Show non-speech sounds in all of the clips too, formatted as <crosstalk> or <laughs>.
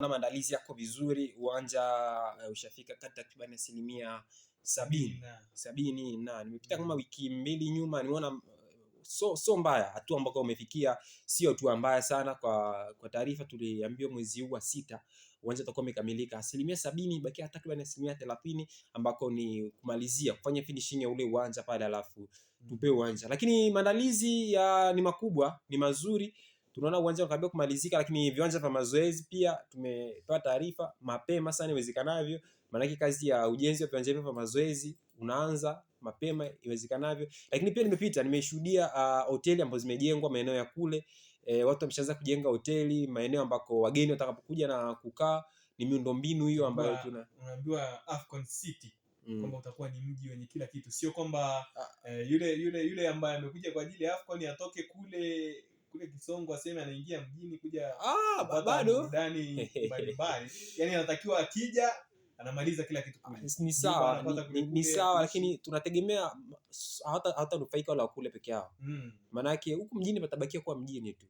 na maandalizi yako vizuri, uwanja eh, ushafika kati takriban asilimia sabini sabini na nimepita mm. kama wiki mbili nyuma nimeona eh, so, so mbaya hatua ambako umefikia, sio hatua mbaya sana. Kwa kwa taarifa tuliambiwa mwezi huu wa sita uwanja utakuwa umekamilika asilimia sabini, bakia takriban asilimia thelathini ambako ni kumalizia kufanya finishing ya ule uwanja pale, alafu mm. tupe uwanja. Lakini maandalizi ya ni makubwa, ni mazuri tunaona uwanja unakaribia kumalizika, lakini viwanja vya mazoezi pia tumepewa taarifa mapema sana iwezekanavyo, maanake kazi ya ujenzi wa viwanja hivyo vya mazoezi unaanza mapema iwezekanavyo. Lakini pia nimepita, nimeshuhudia ah, hoteli uh, ambazo zimejengwa maeneo ya kule e, watu wameshaanza kujenga hoteli maeneo ambako wageni watakapokuja na kukaa. Ni miundombinu hiyo ambayo tuna unaambiwa Afcon City Mm. Kwamba utakuwa ni mji wenye kila kitu, sio kwamba ah. eh, yule yule yule ambaye amekuja kwa ajili ya Afcon atoke kule kule Kisongo aseme anaingia mjini kuja ah, bado ndani <laughs> mbalimbali, yani anatakiwa akija anamaliza kila kitu ah, Ni sawa, ni, sawa, lakini tunategemea nufaika wala wakule peke yao mm. huku mjini patabakia kuwa mjini tu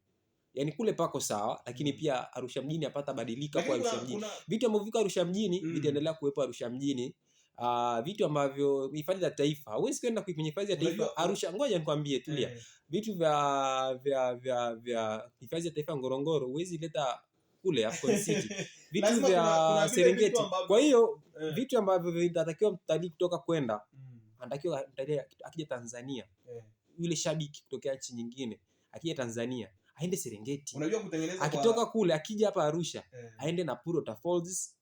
yaani kule pako sawa lakini mm. pia Arusha mjini apata badilika kwa Arusha mjini, vitu ambavyo viko Arusha mjini mm. vitaendelea kuwepo Arusha mjini uh, vitu ambavyo hifadhi za taifa, huwezi kwenda kwenye hifadhi ya taifa Arusha. Ngoja nikwambie, tulia. Eh. Vitu vya vya vya vya hifadhi ya taifa Ngorongoro huwezi leta kule Afcon City <laughs> vitu vya Serengeti. Kwa hiyo yeah. vitu ambavyo vinatakiwa mtalii kutoka kwenda mm. anatakiwa mtalii akija Tanzania yeah. yule shabiki kutokea nchi nyingine akija Tanzania aende Serengeti, unajua kutengeneza, akitoka kwa... kule akija hapa Arusha yeah. aende Napuru Waterfalls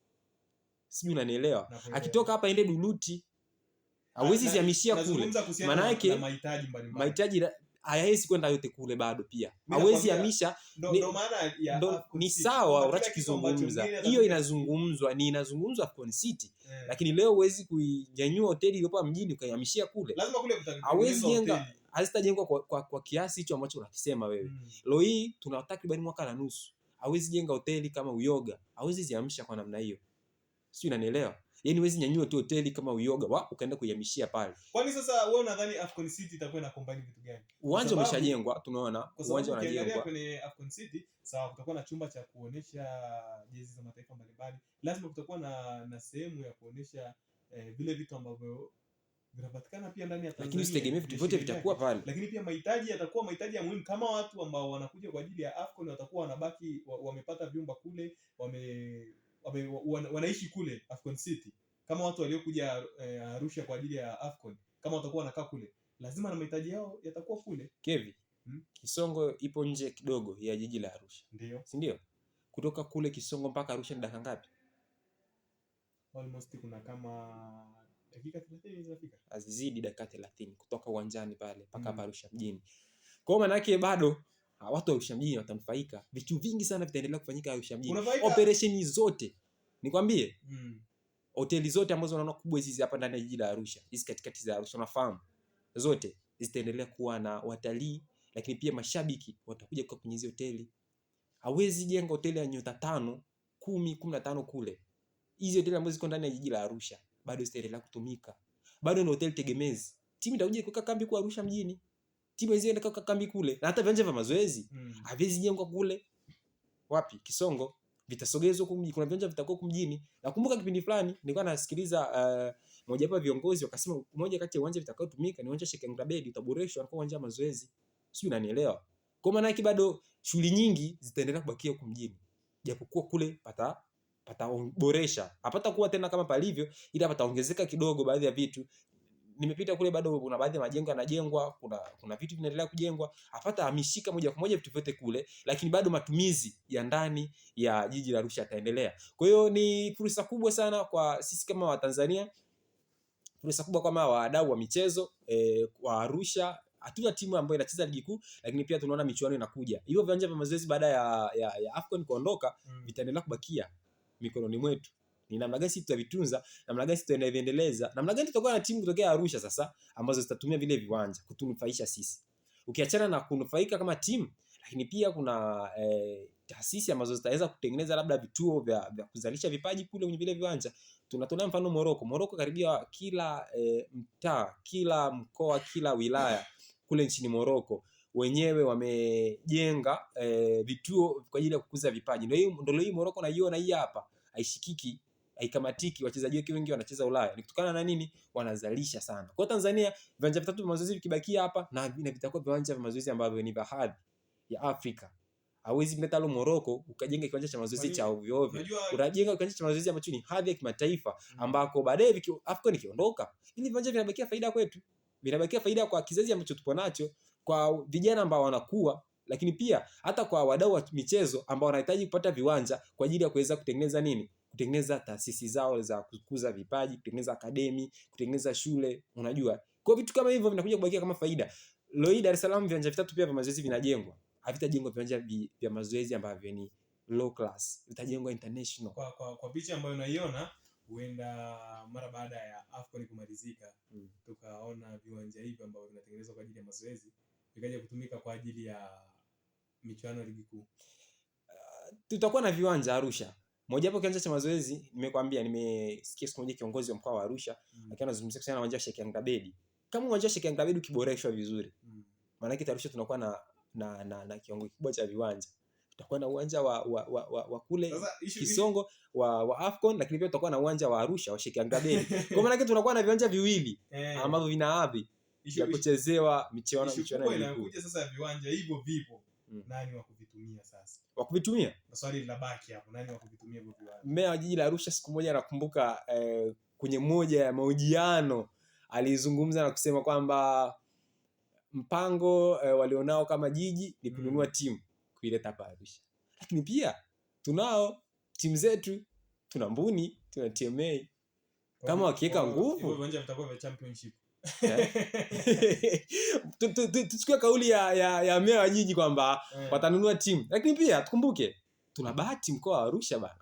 sijui unanielewa. Akitoka hapa ende Duluti ah, awezi ziamishia kule, maana mahitaji hayawezi kwenda yote kule bado, pia awezi amisha Ni sawa unachokizungumza, hiyo inazungumzwa ni inazungumzwa Afcon City yeah. Lakini leo huwezi kuinyanyua hoteli iliyopo mjini ukaihamishia kule, hawezi jenga, hazitajengwa kwa, kwa, kwa kiasi hicho ambacho unakisema wewe mm. Leo hii tuna takriban mwaka na nusu, awezi jenga hoteli kama Uyoga, awezi ziamsha kwa namna hiyo sio, unanielewa? Yaani huwezi nyanyua tu hoteli kama uyoga wa ukaenda kuihamishia pale. Kwani sasa wewe unadhani Afcon City itakuwa na combine vitu gani? Uwanja umeshajengwa, tunaona uwanja unajengwa. Kwenye Afcon City sawa, kutakuwa na chumba cha kuonesha jezi za mataifa mbalimbali. Lazima kutakuwa na na sehemu ya kuonesha eh, vile vitu ambavyo vinapatikana pia ndani ya Tanzania. Lakini usitegemee vitu vyote vitakuwa pale. Lakini pia mahitaji yatakuwa mahitaji ya muhimu kama watu ambao wanakuja kwa ajili ya Afcon watakuwa wanabaki wamepata vyumba kule, wame wame, wana, wanaishi kule Afcon City kama watu waliokuja eh, Arusha kwa ajili ya Afcon kama watakuwa wanakaa kule lazima na mahitaji yao yatakuwa kule. Kevi, hmm? Kisongo ipo nje kidogo ya jiji la Arusha. Ndio. Si ndio? Kutoka kule Kisongo mpaka Arusha ni dakika ngapi? Almost kuna kama dakika 30 zinafika. Azizidi dakika 30 kutoka uwanjani pale mpaka hmm, Arusha mjini. Kwa maana yake bado watu wa ushamjini watanufaika. Vitu vingi sana vitaendelea kufanyika ushamjini, operation zote nikwambie, mm. hoteli zote ambazo unaona kubwa hizi hapa ndani ya jiji la Arusha, hizi katikati za Arusha, unafahamu, zote zitaendelea kuwa na watalii, lakini pia mashabiki watakuja kwa kwenye hizo hoteli. Hawezi jenga hoteli ya nyota tano kumi kumi na tano kule. Hizi hoteli ambazo ziko ndani ya jiji la Arusha bado zitaendelea kutumika, bado ni hoteli tegemezi. Timu itakuja kuweka kambi kwa Arusha mjini timu hizi inaenda kambi kule, na hata viwanja vya mazoezi mm. haviwezi jengwa kule. Wapi? Kisongo vitasogezwa kuna viwanja vitakuwa Nakumbuka kipindi fulani nilikuwa nasikiliza uh, moja wapo viongozi wakasema, moja kati ya uwanja ni uwanja Sheikh utaboreshwa uwanja wa mazoezi, sio? Unanielewa? Kwa maana yake bado shughuli nyingi zitaendelea kubakia japokuwa kule pata pataboresha, hapata kuwa tena kama palivyo, ila pataongezeka kidogo baadhi ya vitu nimepita kule, bado kuna baadhi ya majengo yanajengwa, kuna kuna vitu vinaendelea kujengwa, hapata amishika moja kwa moja vitu vyote kule, lakini bado matumizi ya ndani ya jiji la Arusha yataendelea. Kwa hiyo ni fursa kubwa sana kwa sisi kama Watanzania, fursa kubwa kama wadau wa michezo eh, kwa Arusha hatuna timu ambayo inacheza ligi kuu, lakini pia tunaona michuano inakuja. Hivyo viwanja vya mazoezi baada ya, ya, ya AFCON kuondoka mm. vitaendelea kubakia mikononi mwetu ni namna gani sisi tutavitunza, namna gani sisi tunaviendeleza, namna gani tutakuwa na timu kutokea Arusha sasa ambazo zitatumia vile viwanja kutunufaisha sisi. Ukiachana na kunufaika kama timu, lakini pia kuna eh, taasisi ambazo zitaweza kutengeneza labda vituo vya, vya kuzalisha vipaji kule kwenye vile viwanja. Tunatolea mfano Moroko. Moroko karibia kila eh, mtaa, kila mkoa, kila wilaya kule nchini Moroko wenyewe wamejenga eh, vituo kwa ajili ya kukuza vipaji. Ndio hii Moroko naiona hii hapa haishikiki haikamatiki, wachezaji wake wengi wanacheza Ulaya. Ni kutokana na nini? Wanazalisha sana. Kwa Tanzania viwanja vitatu vya mazoezi vikibakia hapa na vitakuwa viwanja vya mazoezi ambavyo ni vya hadhi ya Afrika. Hawezi mleta lo Morocco ukajenga kiwanja cha mazoezi cha ovyo ovyo. Unajenga kiwanja cha mazoezi ambacho ni hadhi ya kimataifa mm. ambako baadaye AFCON ikiondoka, ili viwanja vinabakia faida kwetu. Vinabakia faida kwa kizazi ambacho tupo nacho, kwa vijana ambao wanakuwa lakini pia hata kwa wadau wa michezo ambao wanahitaji kupata viwanja kwa ajili ya kuweza kutengeneza nini kutengeneza taasisi zao za kukuza vipaji, kutengeneza akademi, kutengeneza shule, unajua. Kwa vitu kama hivyo vinakuja kubakia kama faida. Leo hii Dar es Salaam viwanja vitatu pia vya mazoezi vinajengwa. Havitajengwa viwanja vya mazoezi ambavyo ni low class, vitajengwa international. Kwa kwa, kwa picha ambayo unaiona huenda mara baada ya AFCON kumalizika mm. tukaona viwanja hivi ambavyo vinatengenezwa kwa ajili ya mazoezi vikaja kutumika kwa ajili ya michuano ya ligi kuu. Uh, tutakuwa na viwanja Arusha moja hapo kianza cha mazoezi nimekwambia, nimesikia siku moja kiongozi wa mkoa wa Arusha mm. akiwa anazungumzia kuhusiana na uwanja wa Sheikh Angabedi. Kama uwanja wa Sheikh Angabedi ukiboreshwa vizuri mm. maana kitu Arusha tunakuwa na na, na, na kiwango kikubwa cha viwanja tutakuwa na uwanja wa, wa, wa, wa, wa kule Kisongo wa, wa Afcon, lakini pia tutakuwa na uwanja wa Arusha wa Sheikh Angabedi. Kwa maana yake tunakuwa na viwanja viwili eh, ambavyo vina hadhi ya kuchezewa michuano michuano. Inakuja sasa viwanja hivyo vipo mm. nani wa kuvitumia sasa. Wa kuvitumia? Swali linabaki hapo, nani wa kuvitumia hivyo viwanja mmea wa jiji la Arusha siku moja nakumbuka eh, kwenye moja ya mahojiano alizungumza na kusema kwamba mpango eh, walionao kama jiji ni kununua mm. timu kuileta hapa Arusha. Lakini pia tunao timu zetu, tuna Mbuni, tuna TMA kama wakiweka nguvu viwanja vitakuwa vya championship. Eh? <laughs> tuchukue kauli ya, ya, ya mea wa jiji kwamba yeah. watanunua timu lakini pia tukumbuke tuna bahati mkoa wa Arusha bana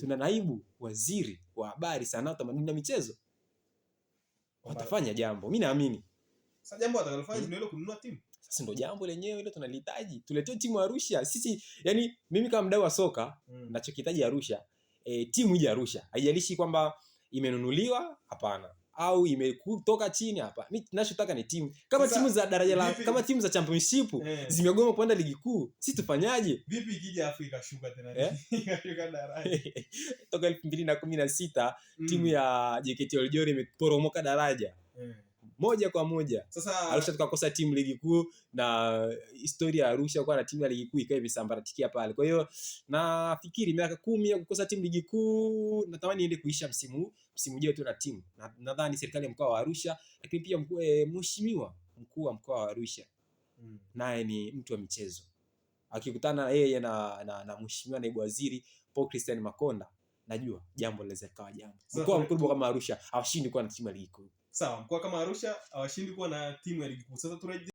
tuna naibu waziri wa habari sanaa utamaduni na michezo watafanya jambo mi naamini sasa jambo ndo jambo lenyewe hilo tunalihitaji tuletee timu Arusha sisi yani mimi kama mdau wa soka mm. nachokihitaji Arusha e, timu hiji Arusha haijalishi kwamba imenunuliwa hapana au imetoka chini hapa. mi nachotaka ni timu kama Sasa, timu za daraja la kama timu za championship yeah, zimegoma kwenda ligi kuu, sisi tufanyaje? Vipi ikija Afrika shuka tena yeah? <laughs> ikashuka daraja <laughs> toka 2016 mm, timu ya JKT Oljoro imeporomoka daraja yeah moja kwa moja. Sasa Arusha tukakosa timu ligi kuu, na historia ya Arusha kuwa na timu ya ligi kuu ikawa imesambaratikia pale. Kwa hiyo nafikiri miaka kumi ya kukosa timu ligi kuu, natamani iende kuisha msimu msimu ujao tu na timu. Nadhani na serikali ya mkoa wa Arusha, lakini pia eh, mheshimiwa mkuu wa mkoa wa Arusha hmm, naye ni mtu wa michezo, akikutana yeye na, na, na mheshimiwa naibu waziri Paul Christian Makonda, najua jambo linaweza likawa jambo. Mkoa mkubwa kama Arusha hawashindi kuwa na timu ya ligi kuu. Sawa, mkoa kama Arusha hawashindi kuwa na timu ya ligi kuu. Sasa turejee